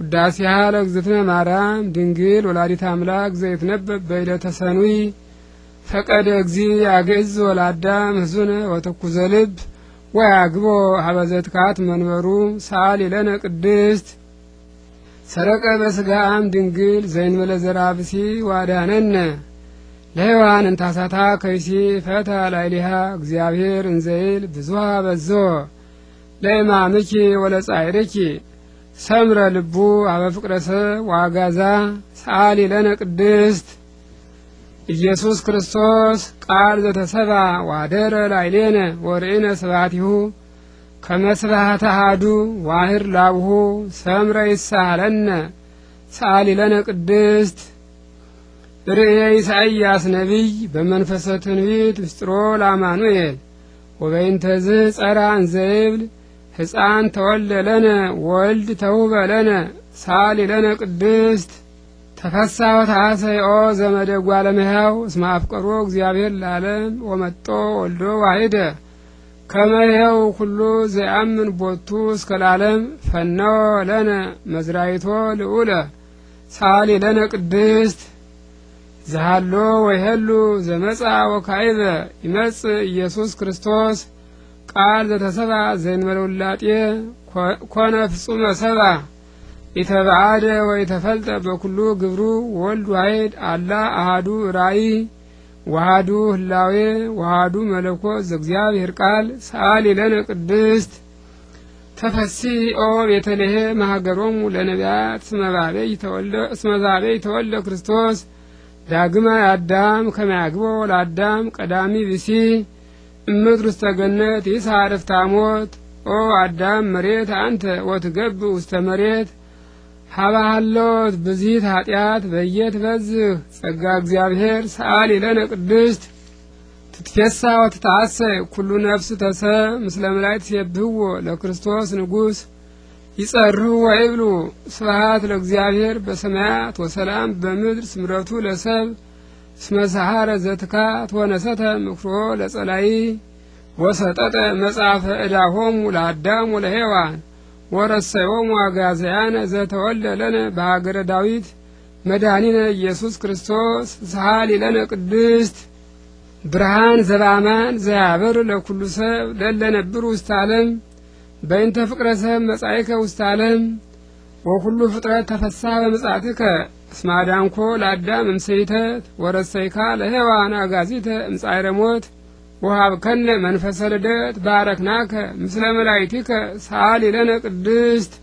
ውዳሴ ለእግዝእትነ ማርያም ድንግል ወላዲት አምላክ ዘይትነበብ በዕለተ ሰኑይ ፈቀደ እግዚ አግዕዝ ወላዳ ምህዙነ ወተኩዘ ልብ ወያግቦ ሀበ ዘትካት መንበሩ ለነ ቅድስት ሰረቀ በስጋም ድንግል ዘይንበለ ዘራብሲ ዋዳነነ ለሔዋን እንታሳታ ከይሲ ፈታ ላይሊሃ እግዚአብሔር እንዘይል ብዙሃ በዞ ለእማምኪ ወለጻይርኪ ሰምረ ልቡ አበ ፍቅረ ዋጋዛ ሰአሊ ለነ ቅድስት ኢየሱስ ክርስቶስ ቃል ዘተሰባ ዋደረ ላይሌነ ወርኢነ ስብሐቲሁ ከመ ስብሐተ አሐዱ ዋህር ላብሁ ሰምረ ይሳለነ ሰአሊ ለነ ቅድስት ርእየ ኢሳይያስ ነቢይ በመንፈሰ ትንቢት ምስጢሮ ላማኑኤል ወበይንተዝ ጸራ እንዘይብል ሕፃን ተወልደ ለነ ወልድ ተውበ ለነ ሳሊ ለነ ቅድስት ተፈሳ ወታሰይኦ ዘመደጓ ለመያው እስመ አፍቀሮ እግዚአብሔር ለዓለም ወመጦ ወልዶ ዋሂደ ከመይኸው ኩሉ ዘየአምን ቦቱ እስከ ለዓለም ፈነወ ለነ መዝራይቶ ልዑለ ሳሊ ለነ ቅድስት ዝሃሎ ወይሄሉ ዘመጻ ወካይበ ይመጽእ ኢየሱስ ክርስቶስ ቃል ዘተሰባ ዘእንበለ ውላጤ ኮነ ፍጹመ ሰባ ኢተባአደ ወኢተፈልጠ በኩሉ ግብሩ ወልድ ዋሕድ አላ አሃዱ ራእይ ወሃዱ ህላዌ ወሃዱ መለኮ ዘእግዚአብሔር ቃል ሰአሊ ለነ ቅድስት ተፈሲ ኦ ቤተልሔም ሀገሮሙ ለነቢያት ስመዛቤይ ተወልደ ክርስቶስ ዳግማ አዳም ከመያግቦ ለአዳም ቀዳሚ ብሲ እምት ውስተ ገነት ይሳርፍ ታሞት ኦ አዳም መሬት አንተ ወትገብ ውስተ መሬት ሀባሃሎት ብዚት ኃጢአት በየት በዝህ ጸጋ እግዚአብሔር ሰአሊ ለነ ቅድስት ትትፌሳ ወትታሰይ ኩሉ ነፍስ ተሰ ምስለ ምላይ ትሴብህዎ ለክርስቶስ ንጉሥ ይጸሩ ወይብሉ ስብሃት ለእግዚአብሔር በሰማያት ወሰላም በምድር ስምረቱ ለሰብ እስመ ሰሐረ ዘትካ ትወነሰተ ምክሮ ለጸላይ ወሰጠጠ መጽሐፈ ዕዳሆሙ ለአዳም ወለሔዋን ወረሰዮሙ አጋዘያነ ዘተወለለነ በሀገረ ዳዊት መድኃኒነ ኢየሱስ ክርስቶስ ሰሐሊ ለነ ቅድስት ብርሃን ዘበአማን ዘያበር ለኩሉ ሰብ ለለነብር ውስተ ዓለም በእንተ ፍቅረ ሰብ መጻኢከ ውስተ ዓለም ወኩሉ ፍጥረት ተፈሳ በምጽአትከ እስመ አዳንኮ ለአዳም እምስይተ ወረሰይካ ለሔዋን አጋዚተ እምጻዕረ ሞት ወሀብከነ መንፈሰ ልደት ባረክናከ ምስለ መላእክቲከ ሰአሊ ለነ ቅድስት